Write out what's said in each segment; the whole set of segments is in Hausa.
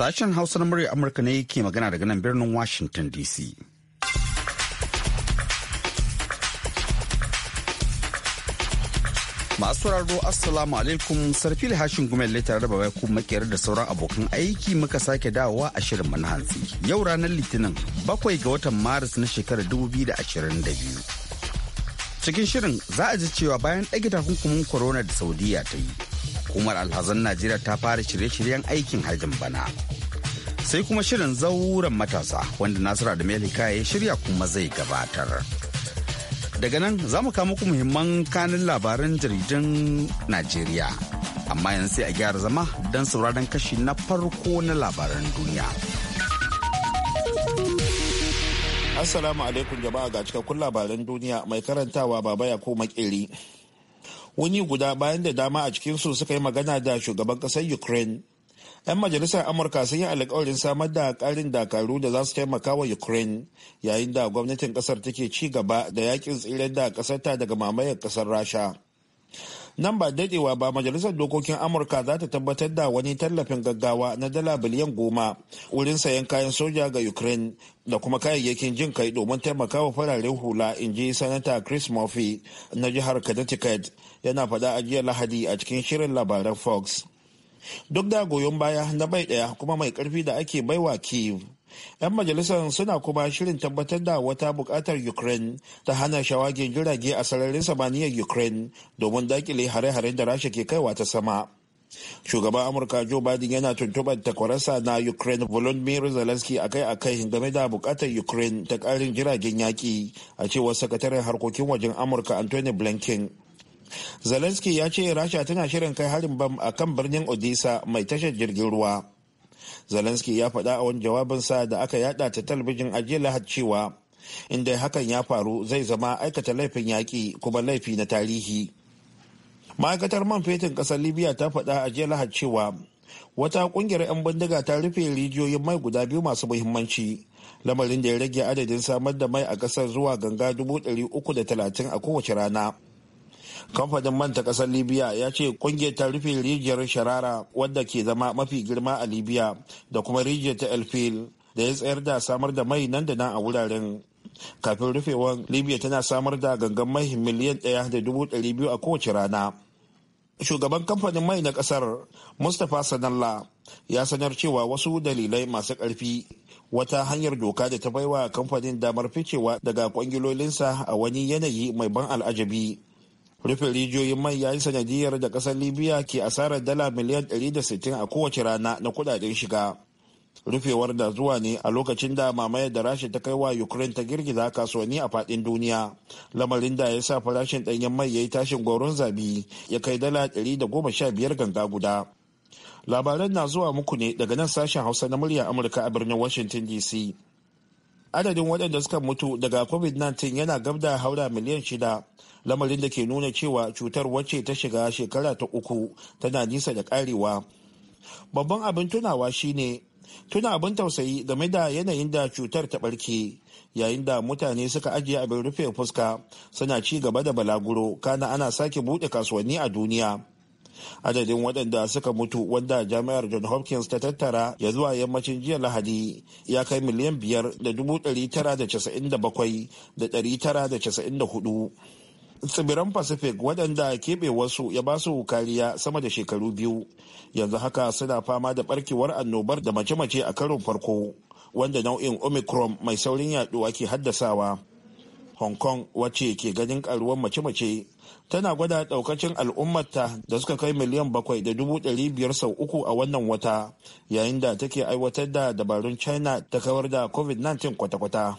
Sashen Hausa na murya Amurka ne ke magana daga nan birnin Washington DC. Masu sauraro Assalamu alaikum da hashin gumel tare da babai kuma makiyar da sauran abokan aiki muka sake dawowa a shirin na hantsi. Yau ranar Litinin bakwai ga watan Maris na shekarar 2022. Cikin shirin za a ji cewa bayan ɗage takunkumin korona da Saudiya ta yi, hukumar alhazan najeriya ta fara shirye-shiryen aikin hajjin bana sai kuma shirin zauren matasa wanda Nasiru da Melika ya shirya kuma zai gabatar. Daga nan za mu kawo muku muhimman kanin labaran jaridun Najeriya. Amma yanzu sai a gyara zama don sauraron kashi na farko na labaran duniya. Assalamu alaikum jama'a ga cikakkun labaran duniya mai karantawa baba ya ko makeri. wani guda bayan da dama a cikinsu suka yi magana da shugaban ƙasar Ukraine 'yan majalisar amurka sun yi alkawarin samar da karin dakaru da za su taimaka wa ukraine yayin da gwamnatin kasar take ci gaba da yakin tsirrai da kasarta daga mamayar kasar rasha nan ba dadewa ba majalisar dokokin amurka za ta tabbatar da wani tallafin gaggawa na dala biliyan goma wurin sayan kayan soja ga ukraine da kuma kayayyakin jin kai domin taimakawa fararen hula in ji sanata chris murphy na jihar connecticut yana faɗa a jiya lahadi a cikin shirin labaran fox duk da goyon baya na bai daya kuma mai karfi da ake baiwa kiev 'yan majalisar suna kuma shirin tabbatar da wata bukatar ukraine ta hana shawagin jirage a sararin samaniyar ukraine domin dakile hare-haren da rasha ke kaiwa ta sama shugaban amurka joe biden yana tuntuɓar takwarasa na ukraine volodymyr zelensky akai-akai game da bukatar ukraine ta ƙarin jiragen yaƙi a cewar sakataren harkokin wajen amurka anthony blinken zelensky ya ce rasha tana shirin kai harin bam a kan birnin odisa mai tashar jirgin ruwa zelensky ya faɗa a wani jawabinsa da aka yada ta talabijin ajiye jiya lahad cewa inda hakan ya faru zai zama aikata laifin yaƙi kuma laifi na tarihi ma'aikatar man fetin ƙasar libya ta faɗa a jiya lahad cewa wata ƙungiyar 'yan bindiga ta rufe rijiyoyin mai guda biyu masu muhimmanci lamarin da ya rage adadin samar da mai a ƙasar zuwa ganga dubu ɗari uku da talatin a kowace rana kamfanin manta ta kasar libya ya ce kungiyar ta rufe rijiyar sharara wadda ke zama mafi girma a libya da kuma rijiyar ta elfil da ya tsayar da samar da mai nan da nan a wuraren kafin rufewar libya tana samar da gangan mai miliyan ɗaya da dubu ɗari biyu a kowace rana shugaban kamfanin mai na kasar mustapha sanalla ya sanar cewa wasu dalilai masu karfi wata hanyar doka da ta baiwa kamfanin damar ficewa daga kwangilolinsa a wani yanayi mai ban al'ajabi rufe rijiyoyin mai ya yi sanadiyar da kasar libya ke asarar dala miliyan 160 a kowace rana na kudaden shiga rufewar da zuwa ne a lokacin da mamayar da rasha ta kai wa ukraine ta girgiza kasuwanni a fadin duniya lamarin da ya sa farashin danyen mai ya yi tashin goron zabi ya kai dala 115 ganga guda labaran na zuwa muku ne daga nan sashen hausa na murya amurka a birnin washington dc adadin waɗanda suka mutu daga covid-19 yana gab da haura miliyan shida lamarin da ke nuna cewa cutar wacce ta shiga shekara ta uku tana nisa da karewa babban abin tunawa shine tuna abin tausayi game da yanayin da cutar ta ɓarke yayin da mutane suka ajiye abin rufe fuska suna ci gaba da balaguro kana ana sake buɗe kasuwanni a duniya adadin waɗanda suka mutu wanda jami'ar john hopkins ta tattara ya zuwa yammacin jiya lahadi ya kai miliyan biyar da dubu ɗari tara da casa'in da bakwai da ɗari tara da casa'in da hudu tsibiran pacific waɗanda keɓe wasu ya ba su kariya sama da shekaru biyu yanzu haka suna fama da barkewar annobar da mace-mace a karon farko wanda nau'in omicron mai saurin yaduwa ke haddasawa hong kong wacce ke ganin karuwar mace-mace tana gwada daukacin al'ummarta da suka kai miliyan bakwai da dubu ɗari biyar sau uku a wannan wata yayin da take aiwatar da dabarun china ta kawar da covid-19 kwata-kwata.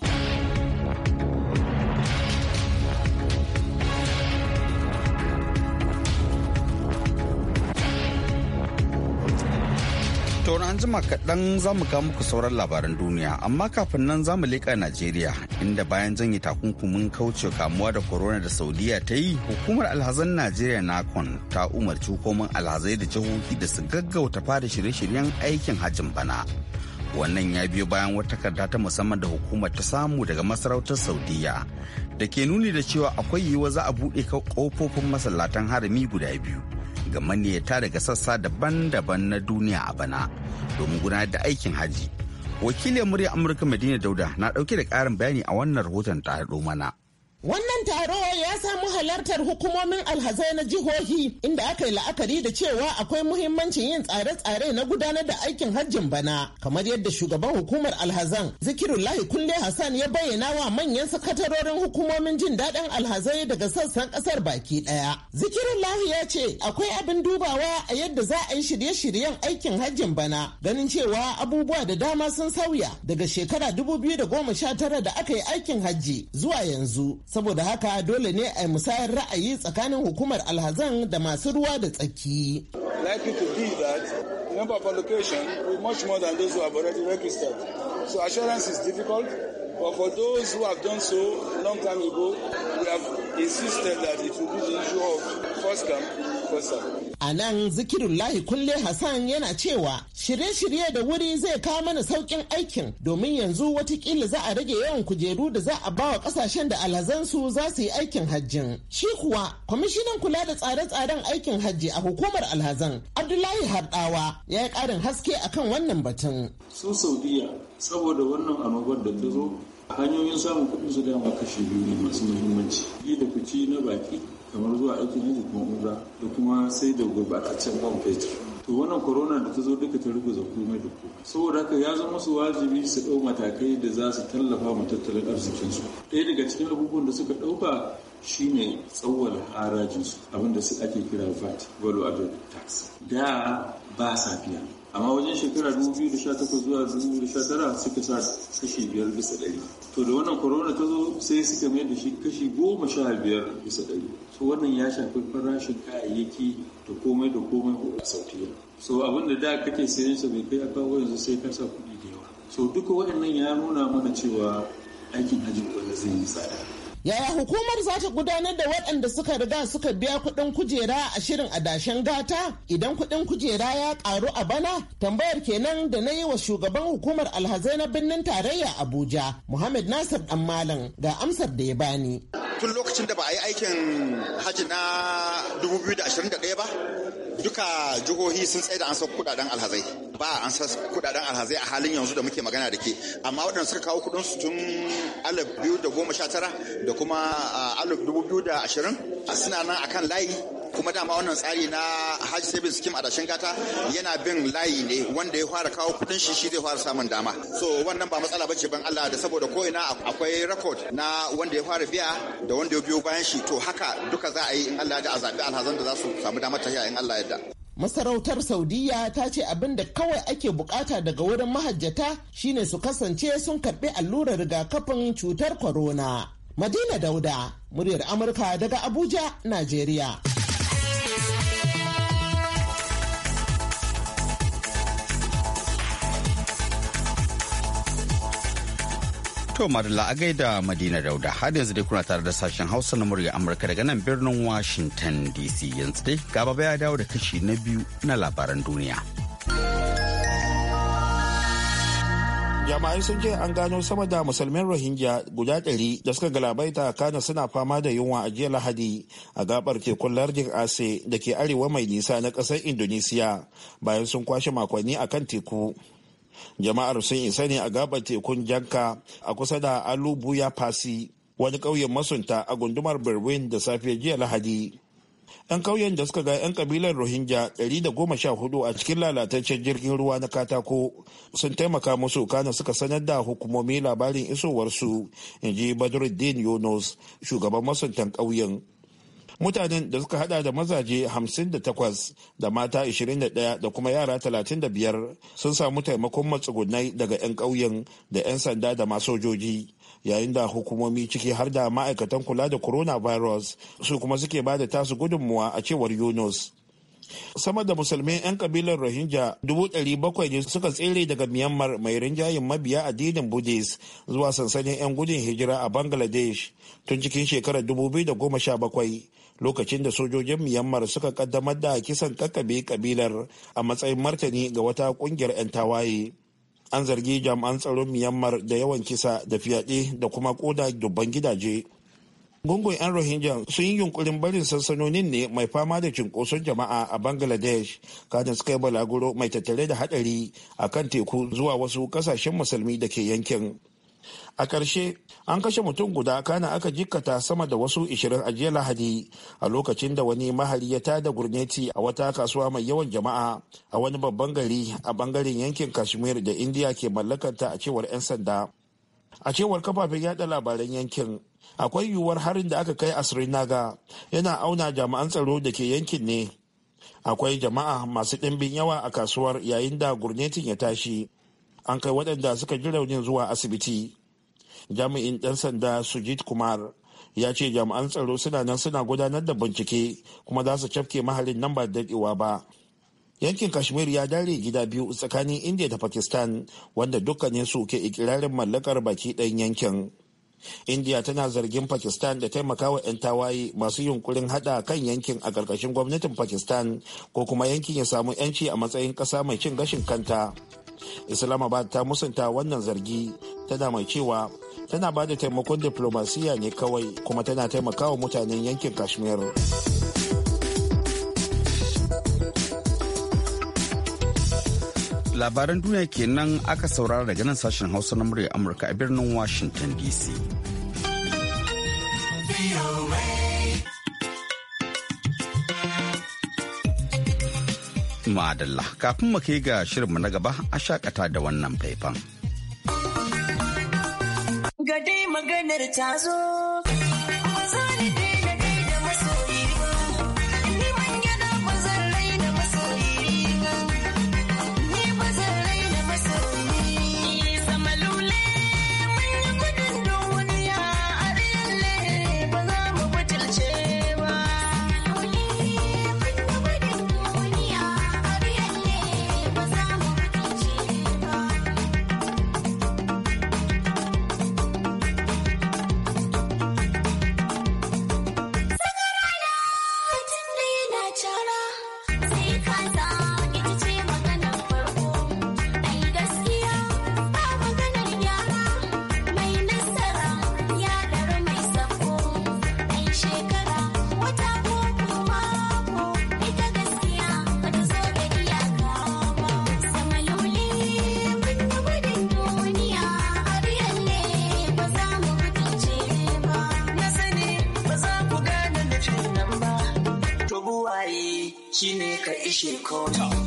an jima kaɗan za mu kawo muku sauran labaran duniya amma kafin nan za mu leƙa najeriya inda bayan janye takunkumin kauce kamuwa da korona da saudiya ta yi hukumar alhazan najeriya nakon ta umarci hukumar alhazai da jihohi da su gaggauta fara shirye-shiryen aikin hajjin bana wannan ya biyo bayan wata takarda ta musamman da hukumar ta samu daga masarautar saudiya da ke nuni da cewa akwai yiwuwa za a buɗe kofofin masallatan harami guda biyu ga maniyata daga sassa daban-daban na duniya a bana domin gudanar da aikin haji wakilin murya amurka madina dauda na ɗauke da ƙarin bayani a wannan rahoton ta haɗo mana Wannan taro ya samu halartar hukumomin alhazai na jihohi inda aka yi la'akari da cewa akwai muhimmancin yin tsare-tsare na gudanar da aikin hajjin bana kamar yadda shugaban hukumar alhazan zikirullahi kulle hassan ya bayyana wa manyan sakatarorin hukumomin jin daɗin alhazai daga sassan ƙasar baki ɗaya. Zikirullahi ya ce akwai abin dubawa a yadda za a yi shirye-shiryen aikin hajjin bana ganin cewa abubuwa da dama sun sauya daga shekara dubu biyu da goma sha tara da aka yi aikin hajji zuwa yanzu. saboda haka dole ne a musayar ra'ayi tsakanin hukumar alhazan da masu ruwa da tsaki. Likely to be that number than those who have is difficult, but for those who have done so long time ago, we have insisted that it will be the issue of first come, A nan zikirullahi kulle Hassan yana cewa shirye-shirye da wuri zai kawo mana saukin aikin domin yanzu watakila za a rage yawan kujeru da za a ba wa ƙasashen da alhazansu za su yi aikin hajjin. Shi kuwa kwamishinan kula da tsare-tsaren aikin hajji a hukumar alhazan Abdullahi harɗawa ya yi ƙarin haske a kan wannan batun. Su Saudiya saboda wannan annobar da ta zo hanyoyin samun kuɗin su dama kashe biyu ne masu muhimmanci. Yi da kuci na baki kamar zuwa aikin yanzu kuma umra da kuma sai da gurbataccen man fetur to wannan corona da ta zo duka ta ruguza komai da komai saboda haka ya zama su wajibi su dau matakai da za su tallafa wa tattalin su ɗaya daga cikin abubuwan da suka ɗauka shine harajin su abinda su ake kira vat value added tax da ba safiya. amma wajen shekara 2018 zuwa 2019 suka sa kashi biyar bisa ɗari to da wannan korona ta zo sai suka mai da shi kashi goma sha biyar bisa ɗari so wannan ya shafi farashin kayayyaki da komai da komai a sautiya so abin da da kake sayan sa bai kai a kawo yanzu sai ka sa kuɗi da yawa so duka waɗannan ya nuna mana cewa aikin hajji wanda zai yi tsada yaya hukumar za ta gudanar da waɗanda suka riga suka biya kuɗin kujera a shirin adashen gata idan kuɗin kujera ya ƙaru a bana tambayar kenan da na yi wa shugaban hukumar alhazai na birnin tarayya abuja muhammad nasir dan malam ga amsar da ya bani tun lokacin da ba a yi aikin hajji na 2021 ba duka jihohi sun tsaye da an sauka kudaden alhazai ba an sauka kudaden alhazai a halin yanzu da muke magana da ke amma waɗanda suka kawo kudin su tun alif biyu da goma sha tara da kuma ah, alif dubu biyu da ashirin suna nan akan layi kuma dama wannan tsari na hajj savings scheme a dashin gata yana bin layi ne wanda ya fara kawo kudin shi shi zai fara samun dama so wannan ba matsala bace ban Allah da saboda ko ina akwai record na wanda ya fara biya da wanda ya biyo bayan shi to haka duka za a yi in Allah ya a zabi alhazan da za su samu damar tafiya in Allah ya Masarautar Saudiya ta ce abin da kawai ake bukata daga wurin mahajjata shine su kasance sun karbi allurar rigakafin cutar corona. Madina Dauda, muryar Amurka daga Abuja, Najeriya. To Madalla a gaida Madina Dauda har yanzu dai kuna tare da sashen Hausa na murya Amurka daga nan birnin Washington DC yanzu dai gaba ya dawo da kashi na biyu na labaran duniya. jama'ai sun ce an gano sama da musulmin rohingya guda ɗari da suka galabaita kana suna fama da yunwa a jiya lahadi a gabar tekun lardin ase da ke arewa mai nisa na ƙasar indonesiya bayan sun kwashe makonni a kan teku jama'ar sun isa ne a gabar tekun janka a kusa da alubuya fasi wani ƙauyen masunta a gundumar berwin da safiyar jiya lahadi 'yan ƙauyen da suka ga 'yan kabilar rohingya 114 a cikin lalataccen jirgin ruwa na katako sun taimaka musu kana suka sanar da hukumomi labarin isowarsu in ji badruddin yunus shugaban masuntan ƙauyen mutanen da suka hada da mazaje 58 da mata 21 da kuma yara 35 sun samu taimakon matsugunai daga 'yan ƙauyen da 'yan sanda da masojoji yayin da hukumomi ciki har da ma'aikatan kula da coronavirus su kuma suke ba da tasu gudunmuwa a cewar yunus sama da musulmi 'yan kabilar rohingya 700 ne suka tsere daga myanmar mai rinjayen mabiya addinin buddhist zuwa sansanin 'yan gudun hijira a bangladesh tun cikin shekarar 2017 lokacin da sojojin myanmar suka kaddamar da kisan kakkabe kabilar a matsayin martani ga wata kungiyar 'yan tawaye an zargi jami'an tsaron myanmar da yawan kisa da fyaɗe da kuma koda dubban gidaje gungun 'yan rohingya sun yi yunkurin barin sansanonin ne mai fama da cunkoson jama'a a bangladesh katin suka yi balaguro mai tattare da hadari a kan teku zuwa wasu ƙasashen musulmi da ke yankin a ƙarshe an kashe mutum guda kana aka jikkata sama da wasu 20 a jiya lahadi a lokacin da wani mahari ya tada gurneti a wata kasuwa mai yawan jama'a a wani babban gari a bangaren yankin kashmir da indiya ke mallakanta a cewar 'yan sanda a cewar kafafen yada labaran yankin akwai yiwuwar harin da aka kai a srinaga yana auna jama'an tsaro da ke yankin ne akwai jama'a masu ɗimbin yawa a kasuwar yayin da gurnetin ya tashi an kai waɗanda suka ji raunin zuwa asibiti jami'in ɗan sanda sujit kumar ya ce jami'an tsaro suna nan suna gudanar da bincike kuma za su cafke mahalin nan ba daɗewa ba yankin kashmir ya dare gida biyu tsakanin india da pakistan wanda dukkanin su ke ikirarin mallakar baki ɗayan yankin india tana zargin pakistan da taimakawa 'yan tawaye masu yunkurin hada kan yankin a karkashin gwamnatin pakistan ko kuma yankin ya samu 'yanci a matsayin ƙasa mai cin gashin kanta islamabad ta musanta wannan zargi tana mai cewa tana ba da taimakon diplomasiya ne kawai kuma tana taimakawa mutanen yankin kashmir labaran duniya kenan aka saurara daga nan sashen hausa na murya amurka a birnin washington dc Madalla kafin mu kai ga shirinmu na gaba a shakata da wannan faifan. Gade maganar ta zo, She called.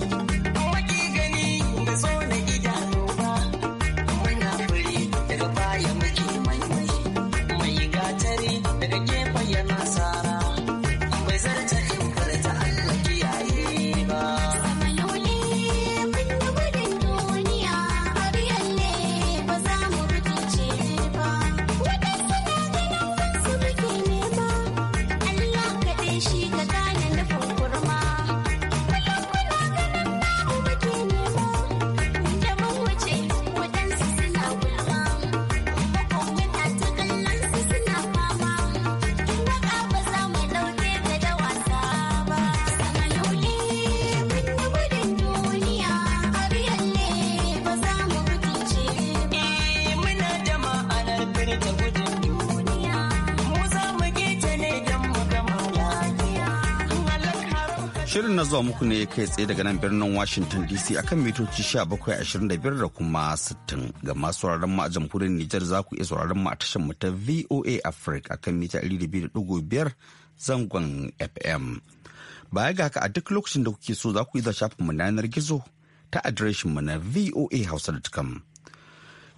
na zuwa muku ne kai tsaye daga nan birnin Washington DC akan mitoci 1725 da kuma 60 ga masu sauraron mu a jamhuriyar Nijar za ku iya sauraron mu a tashar mu ta VOA Africa akan mita 200.5 zangon FM. Baya ga haka a duk lokacin da kuke so za ku iya shafin mu na yanar gizo ta adireshin mu na voa voahausa.com.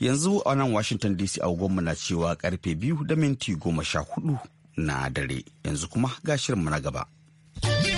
Yanzu a nan Washington DC a mu na cewa karfe biyu da minti goma sha hudu na dare yanzu kuma gashirin mu na gaba. Yeah!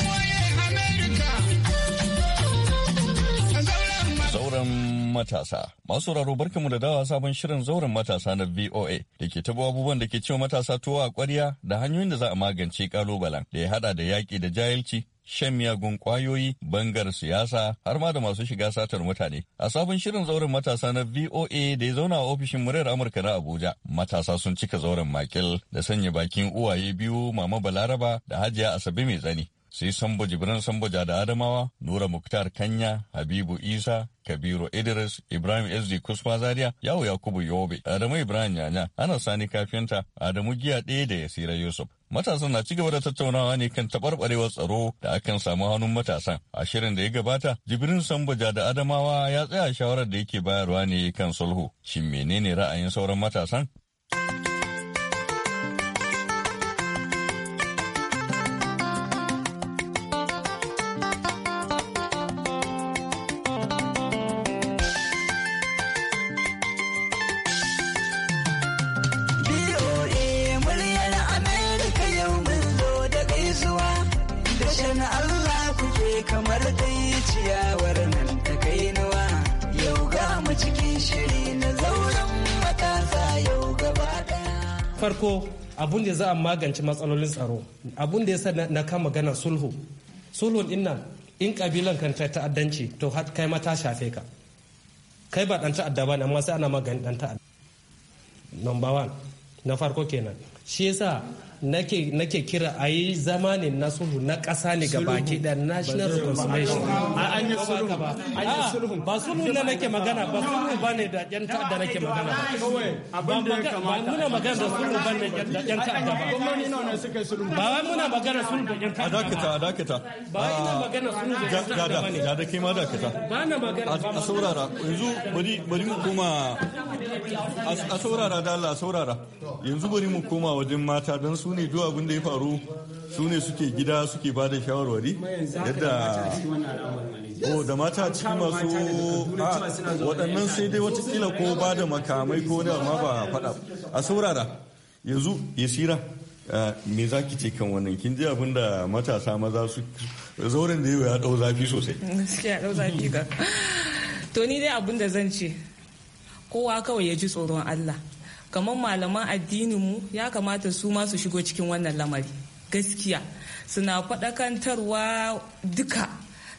Zauren matasa. Masu sauraro barkamu da dawa sabon shirin zauren matasa na VOA da ke tabo abubuwan da ke cewa matasa tuwa a kwarya da hanyoyin da za a magance kalubalen da ya hada da yaƙi da jahilci, shan miyagun kwayoyi, bangar siyasa har ma da masu shiga satar mutane. A sabon shirin zauren matasa na VOA da ya zauna a ofishin muryar Amurka na Abuja, matasa sun cika zauren makil da sanya bakin uwaye biyu Mama Balaraba da Hajiya Asabe mai tsani. sai Sambo Jibran Samboja da Adamawa, Nura Muktar Kanya, Habibu Isa, Kabiru Idris, Ibrahim SD Kusma Zaria, Yawo Yakubu Yobe, Adamu Ibrahim Yanya, ana Sani Kafinta, Adamu Giya ɗaya da Yasira Yusuf. Matasan na cigaba da tattaunawa ne kan taɓarɓarewar tsaro da akan samu hannun matasan. A shirin da ya gabata, Jibrin sambaja da Adamawa ya tsaya shawarar da yake bayarwa ne kan sulhu. Shin menene ra'ayin sauran matasan? abun da za a magance matsalolin tsaro abun da ya sa na kama magana sulhu sulhu inna in kabilan kan ta ta'addanci to kai ma ta shafe ka kai ba dan ta'adda ba ne amma sai ana magani dan ta'adda number 1 na farko kenan shi yasa nake nake kira a yi zama ne na sulhu na ƙasa ne ga baki da national reconciliation a an yi ah, sulhu ba ba sulhu na nake magana ba sulhu ba ne da yan ta'adda nake magana ba muna magana da sulhu ba ne da yan ta'adda ba ba wai muna magana sulhu da yan ta'adda ba a dakata ba ina magana sulhu da yan ta'adda ba ne da ke ma dakata ba na magana a saurara yanzu bari bari mu koma a saurara da Allah a saurara yanzu bari mu koma wajen mata don su ne duk abin da ya faru su ne suke gida suke ba da shawarwari yadda o oh, da mata cikin masu ah, waɗannan sai dai watakila ko ba da makamai ko ne amma ba faɗa a saurara yanzu yasira eh, me za ki ce kan wannan kin ji abin da matasa maza su zauren da yau ya ɗau zafi sosai to ni dai abin da zan ce kowa kawai ya ji tsoron Allah kamar malaman addinin mu ya kamata su ma su shigo cikin wannan lamari gaskiya suna faɗakantarwa duka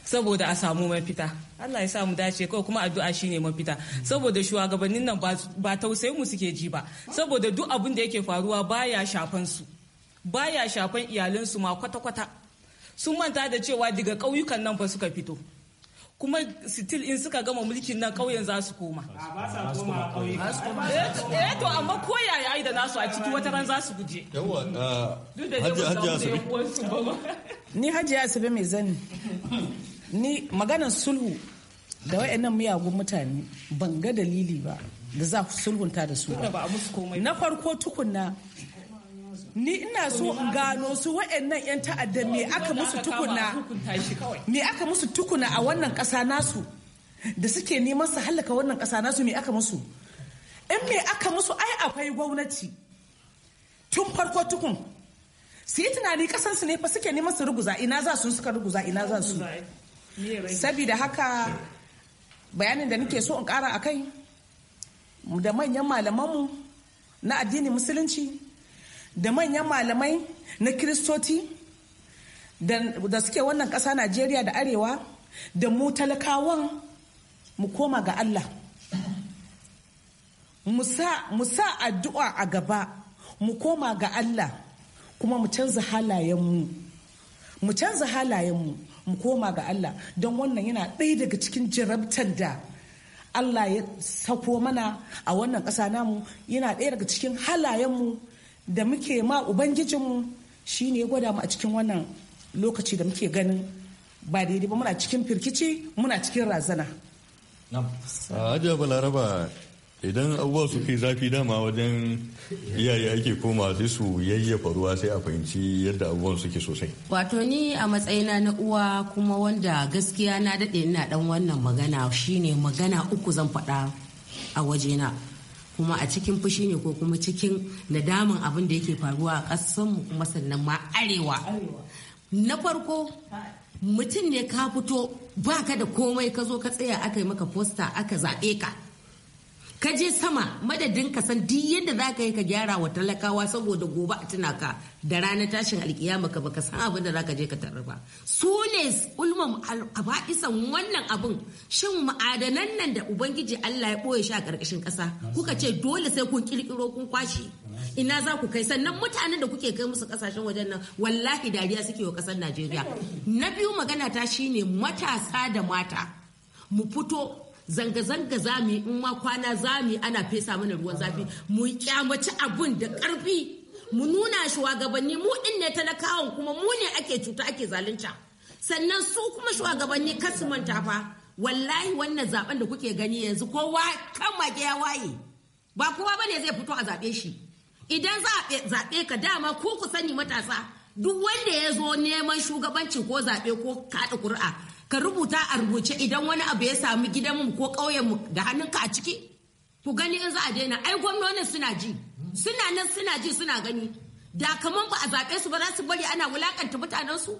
saboda a samu mafita Allah ya sa mu dace kawai kuma addu'a shine mafita saboda shugabannin nan ba tausayin mu suke ji ba saboda duk abin da yake faruwa baya shafan su baya shafan iyalansu ma kwata-kwata sun manta da cewa daga ƙauyukan nan fa suka fito kuma still in suka gama mulkin nan ƙauyen za su koma. Ba su koma a ƙauye. Eh, eh to amma ko yaya ai da nasu a ciki wata ran za su guje. Yawwa uh, Hajiya Asabe. Ni Hajiya Asabe mai zani. Ni maganar sulhu da wayannan miyagun mutane ban ga dalili ba da za ku sulhunta da su. Na farko tukunna ni ina so in gano su wa'annan 'yan ta'adda me aka musu tukuna me aka musu tukuna a wannan ƙasa nasu da suke neman su hallaka wannan ƙasa nasu me aka musu in me aka musu ai akwai gwamnati tun farko tukun su yi tunani su ne fa suke neman su ruguza ina za su suka ruguza ina za su sabida haka bayanin da nake so in kara a kai da manyan malamanmu na addinin musulunci da manyan malamai na kiristoci da suke wannan ƙasa najeriya da arewa da mu talakawan mu koma ga allah mu sa addu'a a gaba mu koma ga allah kuma mu canza halayenmu mu canza halayenmu mu koma ga allah don wannan yana ɗaya daga cikin jarabtar da allah ya sako mana a wannan ƙasa namu yana ɗaya daga cikin halayenmu da muke ma ubangijinmu shi ne gwada mu a cikin wannan lokaci da muke ganin ba daidai ba muna cikin firkici muna cikin razana. a balaraba idan abubuwa su ke zafi dama wajen iyaye ake koma sai su yayyafa ruwa sai a fahimci yadda abubuwan suke sosai wato ni a matsayina na uwa kuma wanda gaskiya na daɗe ina ɗan wannan magana shine magana uku zan faɗa a wajena kuma a cikin fushi ne ko kuma cikin nadamin abin da yake faruwa a mu kuma sannan ma arewa na farko mutum ne ka fito ba ka da komai ka zo ka tsaya aka yi maka fosta aka zaɓe ka ka je sama madadin ka san duk yadda za ka yi ka gyara wa talakawa saboda gobe a tuna ka da ranar tashin alkiyama ka baka san abin da za ka je ka tarar ba su ne ulmam aba'isan wannan abin shin ma'adanan nan da ubangiji Allah ya boye shi a ƙarƙashin ƙasa kuka ce dole sai kun ƙirƙiro kun kwashe. ina za ku kai sannan mutanen da kuke kai musu ƙasashen wajen nan wallahi dariya suke wa kasar Najeriya na biyu magana ta shine matasa da mata mu fito zanga-zanga zami in ma kwana zami ana fesa mana ruwan zafi mu kyamaci abun da karfi mu nuna shugabanni mu din ne talakawan kuma mu ne ake cuta ake zalunta sannan su kuma shugabanni kasumanta fa wallahi wannan zaben da kuke gani yanzu kowa kan mage ya waye ba kowa bane zai fito a zabe shi idan za zabe ka dama ko ku sani matasa duk wanda ya zo neman shugabanci ko zaɓe ko kaɗa kuri'a. ka rubuta a rubuce idan wani abu ya samu gidanmu ko ƙauyenmu da hannunka a ciki ku gani in za a daina ai gwamnonin suna ji suna nan suna ji suna gani da kaman ba a zaɓe su ba za su bari ana wulakanta mutanensu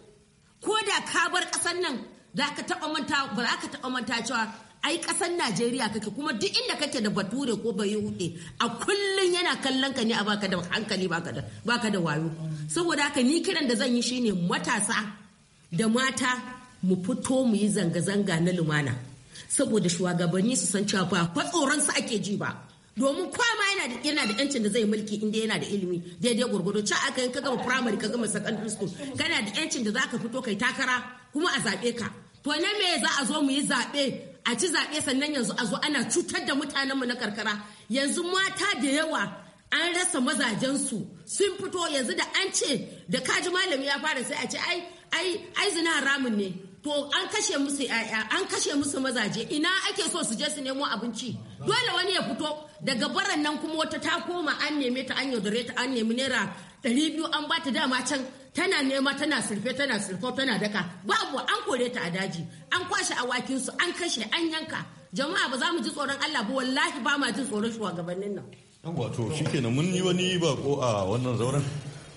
ko da ka bar ƙasar nan za ka taɓa manta ba za ka taɓa manta cewa ai ƙasar Najeriya kake kuma duk inda kake da bature ko bai hude a kullun yana kallon ka ne a baka da hankali baka da baka da wayo saboda haka ni kiran da zan yi shine matasa da mata mu fito mu yi zanga-zanga na lumana saboda shugabanni su san cewa ba tsoron su ake ji ba domin kwama yana da yana da yancin da zai mulki inda yana da ilimi daidai gwargwado ca aka yin ka gama primary ka gama secondary school kana da yancin da zaka fito kai takara kuma a zabe ka to na me za a zo mu yi zabe a ci zabe sannan yanzu a zo ana cutar da mutanen mu na karkara yanzu mata da yawa an rasa mazajen su sun fito yanzu da an ce da kaji malami ya fara sai a ce ai ai ai zina haramun ne to an kashe musu yaya an kashe musu mazaje ina ake so su je su nemo abinci dole wani ya fito daga baran nan kuma wata ta koma an neme ta an yaudare ta an nemi naira ɗari biyu an ba ta dama can tana nema tana surfe tana surfe tana daka babu an kore ta a daji an kwashe su an kashe an yanka jama'a ba za mu ji tsoron Allah ba wallahi ba ma jin tsoron shugabannin nan an wato shikenan mun yi wani bako a wannan zauren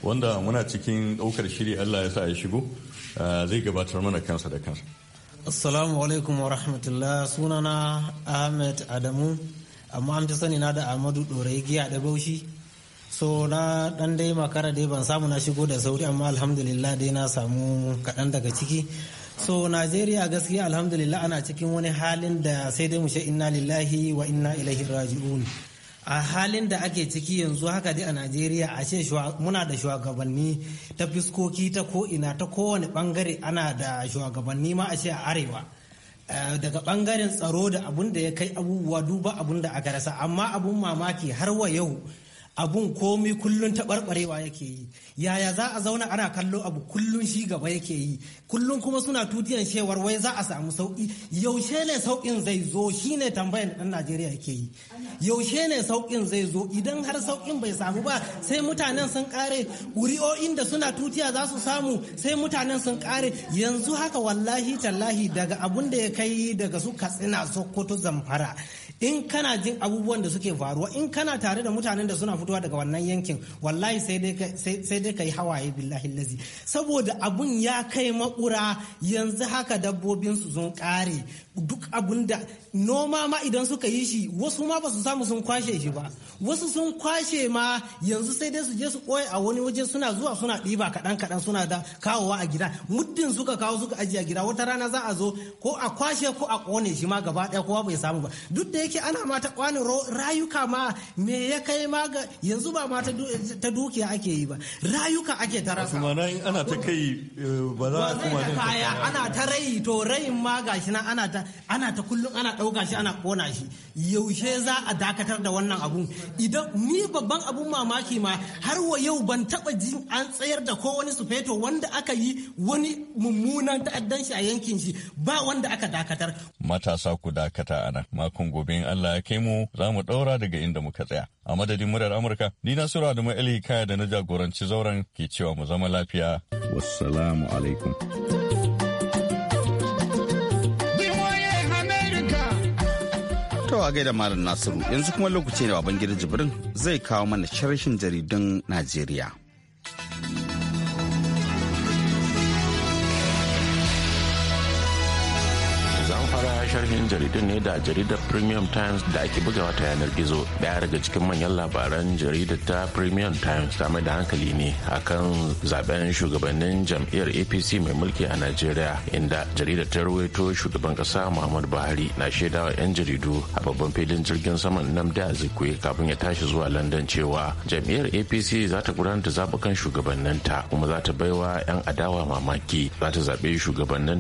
wanda muna cikin ɗaukar shiri Allah ya sa ya shigo Eh, zai gabatar mana kansa da kansa assalamu alaikum wa rahmatullah sunana ahmed adamu amma an fi sani na da ahmadu dorai giya da baushi so na dan dai makara dai ban samu na shigo da sauri amma alhamdulillah dai na samu kaɗan daga ciki so najeriya gaskiya alhamdulillah ana cikin wani halin da sai dai mu sha inna lillahi wa inna ilaihi raji'un a halin da ake ciki yanzu haka dai a najeriya a ce muna da shugabanni ta fiskoki ta ko'ina ta kowane bangare ana da shugabanni ma a ce a arewa eh, daga bangaren tsaro da abun da ya kai abubuwa duba abun da aka rasa amma abun mamaki har wa yau abun komi kullun taɓarɓarewa yake yi yaya za a zauna ana kallo abu Kullum shi gaba yake yi Kullum kuma suna tutiyan shewar wai za a samu sauƙi? yaushe ne saukin zai zo shine tambayar dan najeriya yake yi yaushe ne sauƙin zai zo idan har saukin bai samu ba sai mutanen sun ƙare. ƙuri'o'in da suna tutiya za su samu sai mutanen sun ƙare. yanzu haka wallahi tallahi daga abun da ya kai daga su katsina sokoto zamfara in kana jin abubuwan da suke faruwa in kana tare da mutanen da suna fitowa daga wannan yankin wallahi sai dai ka yi hawaye billahi lazi saboda abun ya kai makura yanzu haka dabbobinsu su sun kare duk abun da noma ma idan suka yi shi wasu ma ba su samu sun kwashe shi ba wasu sun kwashe ma yanzu sai dai su je su koya a wani waje suna zuwa suna ɗiba kaɗan kaɗan suna da kawowa a gida muddin suka kawo suka ajiye a gida wata rana za a zo ko a kwashe ko a kone shi ma gaba ɗaya kowa bai samu ba duk da yake ana ma ta kwani rayuka ma me ya kai ma ga yanzu ba ma ta dukiya ake yi ba rayuka ake ta rasa ana ta kai eh, ba za a kuma ana ta rai to rayin ma gashi nan ana ta ana ta kullum ana ɗauka shi ana kona shi yaushe za a dakatar da wannan abun idan ni babban abun mamaki ma har wa yau ban taɓa jin an tsayar da ko wani sufeto wanda aka yi wani mummunan ta'addan shi a yankin shi ba wanda aka dakatar. Matasa ku dakata ana makon gobe in Allah ya kai mu za mu ɗaura daga inda muka tsaya. A madadin muryar Amurka, ni na sura da ma'ili kaya da na jagoranci zauren ke cewa mu zama lafiya. Wassalamu alaikum. To a gaida Malam Nasiru yanzu kuma lokaci ne baban gida jibrin zai kawo mana sharshin jaridun Najeriya. fara sharhin jaridun ne da jaridar premium times da ake bugawa ta yanar gizo daya daga cikin manyan labaran jaridar ta premium times ta mai da hankali ne akan zaben shugabannin jam'iyyar apc mai mulki a nigeria inda jaridar ta ruwaito shugaban kasa muhammadu buhari na shaida wa 'yan jaridu a babban filin jirgin saman namdi azikwe kafin ya tashi zuwa london cewa jam'iyyar apc za ta gudanar da zaɓukan ta kuma za ta baiwa 'yan adawa mamaki za ta zaɓe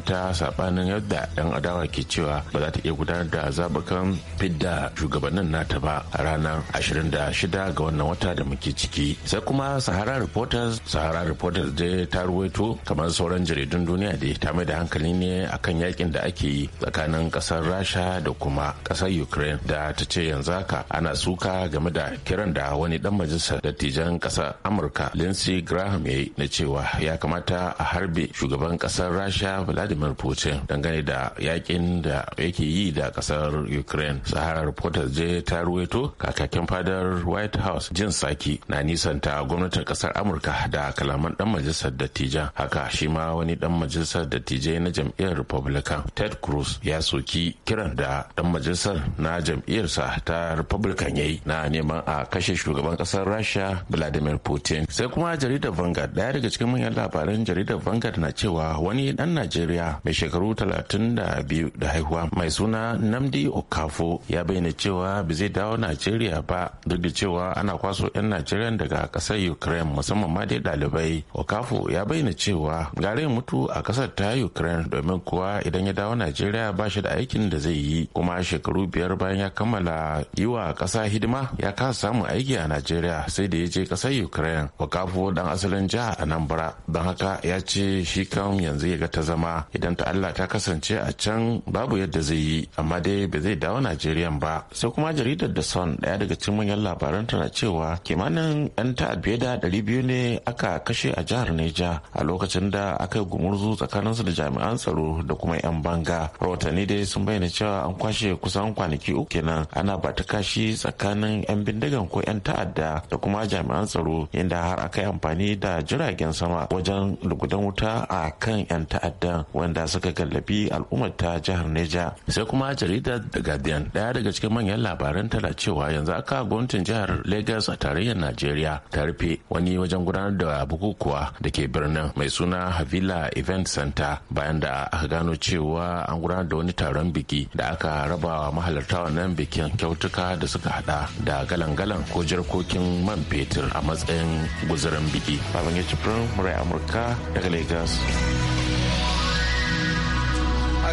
ta saɓanin yadda 'yan adawa ke cewa ba za ta iya gudanar da zaɓukan fidda shugabannin nata ba a ranar 26 ga wannan wata da muke ciki sai kuma sahara reporters sahara reporters dai ta ruwaito kamar sauran jaridun duniya da ta mai da hankali ne akan yakin da ake yi tsakanin ƙasar rasha da kuma ƙasar ukraine da ta ce yanzu haka ana suka game da kiran da wani dan majalisar dattijan ƙasar amurka lindsey graham ya yi na cewa ya kamata a harbe shugaban ƙasar rasha vladimir putin dangane da yakin da yake yi da kasar ukraine sahara reporters je ta ruwaito kakakin fadar white house jin saki na nisanta gwamnatin kasar amurka da kalaman dan majalisar dattija haka shi ma wani dan majalisar dattijai na jam'iyyar republican ted cruz ya soki kiran da dan majalisar na jam'iyyarsa ta republican ya yi na neman a kashe shugaban kasar rasha vladimir putin sai kuma jaridar vanguard daya daga cikin manyan labaran jaridar vanguard na cewa wani dan najeriya mai shekaru da biyu da haihuwa mai suna namdi okafo ya bayyana cewa ba zai dawo najeriya ba duk da cewa ana kwaso 'yan najeriya daga kasar ukraine musamman ma dai dalibai okafo ya bayyana cewa gare mutu a kasar ta ukraine domin kuwa idan ya dawo najeriya ba shi da aikin da zai yi kuma shekaru biyar bayan ya kammala yi wa kasa hidima ya kasa samun aiki a najeriya sai da ya je kasar ukraine okafo dan asalin jiha anambra don haka ya ce shi kan yanzu ya ga ta zama idan ta allah ta kasance a can babu yadda zai yi amma dai ba zai dawo najeriya ba sai kuma jaridar da son daya daga cikin manyan labaran tana cewa kimanin yan ta'adda da ɗari biyu ne aka kashe a jihar neja a lokacin da aka yi gumurzu tsakaninsu da jami'an tsaro da kuma yan banga rahotanni dai sun bayyana cewa an kwashe kusan kwanaki uku kenan ana ba ta kashi tsakanin yan bindigan ko yan ta'adda da kuma jami'an tsaro inda har aka yi amfani da jiragen sama wajen lugudan wuta a kan yan ta'addan wanda suka gallabi al'ummar ta jihar jihar neja sai kuma jarida the guardian daya daga cikin manyan labaran tana cewa yanzu aka gwamnatin jihar lagos a tarayyar najeriya ta rufe wani wajen gudanar da bukukuwa da ke birnin mai suna havila event center bayan da aka gano cewa an gudanar da wani taron biki da aka raba wa mahalarta wannan bikin kyautuka da suka hada da galan-galan ko jarkokin man fetur a matsayin guzurin biki. Babangida Jibrin, Murai Amurka daga Lagos.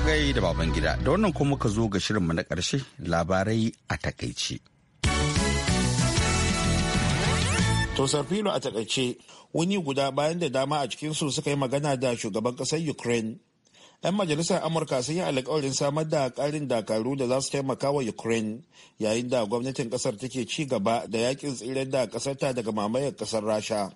zagaye da baban gida, da wannan kuma muka zo ga shirinmu na ƙarshe labarai a takaice. To a takaice, wuni guda bayan da dama a cikinsu suka yi magana da shugaban ƙasar Ukraine. 'Yan majalisar Amurka sun yi alkawarin samar da ƙarin dakaru da za su taimaka wa Ukraine yayin da gwamnatin ƙasar take ci gaba da yakin tsirar da ƙasarta daga mamayar ƙasar Rasha.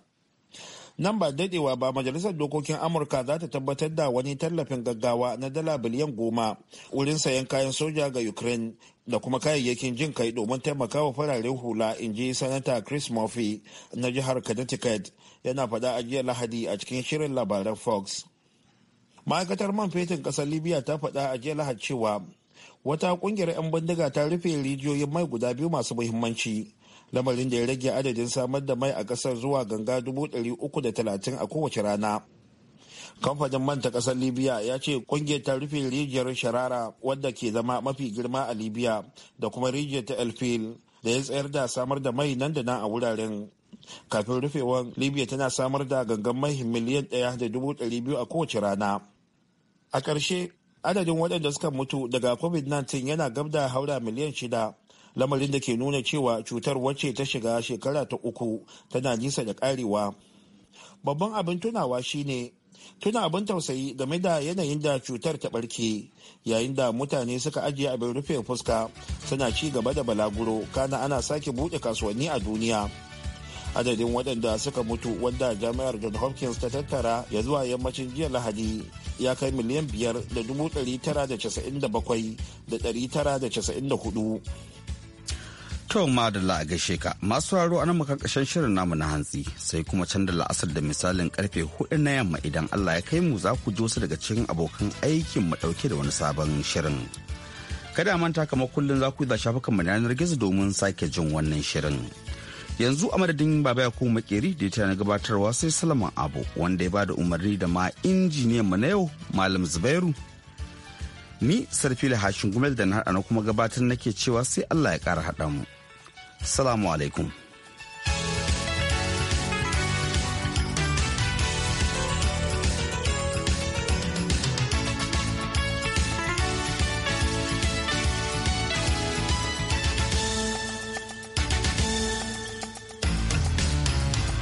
nan ba dadewa ba majalisar dokokin amurka za ta tabbatar da wani tallafin gaggawa na dala biliyan goma wurin sayan kayan soja ga ukraine da kuma kayayyakin jin kai domin taimakawa farare hula in ji sanata chris murphy na jihar connecticut yana faɗa a jiya lahadi a cikin shirin labaran fox ma'aikatar man fetin ƙasar libya ta faɗa a jiya lahadi cewa wata ƙungiyar 'yan bindiga ta rufe rijiyoyin mai guda biyu masu muhimmanci lamarin da ya rage adadin samar da mai a kasar zuwa ganga 330 a kowace rana kamfanin man ta kasar libya ya ce kungiyar ta rufe rijiyar sharara wadda ke zama mafi girma a libya da kuma rijiyar ta elfil da ya tsayar da samar da mai nan da nan a wuraren kafin rufewar libya tana samar da gangan mai miliyan ɗaya da dubu dari biyu a kowace rana a ƙarshe adadin waɗanda suka mutu daga covid-19 yana gab da haura miliyan shida lamarin da ke nuna cewa cutar wacce ta shiga shekara ta uku tana nisa da karewa babban abin tunawa shine tuna abin tausayi game da yanayin da cutar ta barke yayin da mutane suka ajiye abin rufe fuska suna ci gaba da balaguro kana ana sake buɗe kasuwanni a duniya adadin waɗanda suka mutu wanda jami'ar john hopkins ta tattara ya zuwa yammacin jiya lahadi ya kai miliyan biyar da dubu hudu To ma da gaishe ka masu raro a nan makakashen shirin namu na hantsi sai kuma canza la'asar da misalin karfe hudu na yamma idan Allah ya kai mu za ku ji wasu daga cikin abokan aikin mu dauke da wani sabon shirin. Kada manta kamar kullum za ku yi zashafa kan yanar gizo domin sake jin wannan shirin. yanzu a madadin baba kuma makeri da ta na gabatarwa sai salaman abu wanda ya ba da umarni da ma injiniyan mu na yau malam zubairu ni sarfila hashin gumel da na kuma gabatar nake cewa sai allah ya kara haɗa mu Salamu alaikum.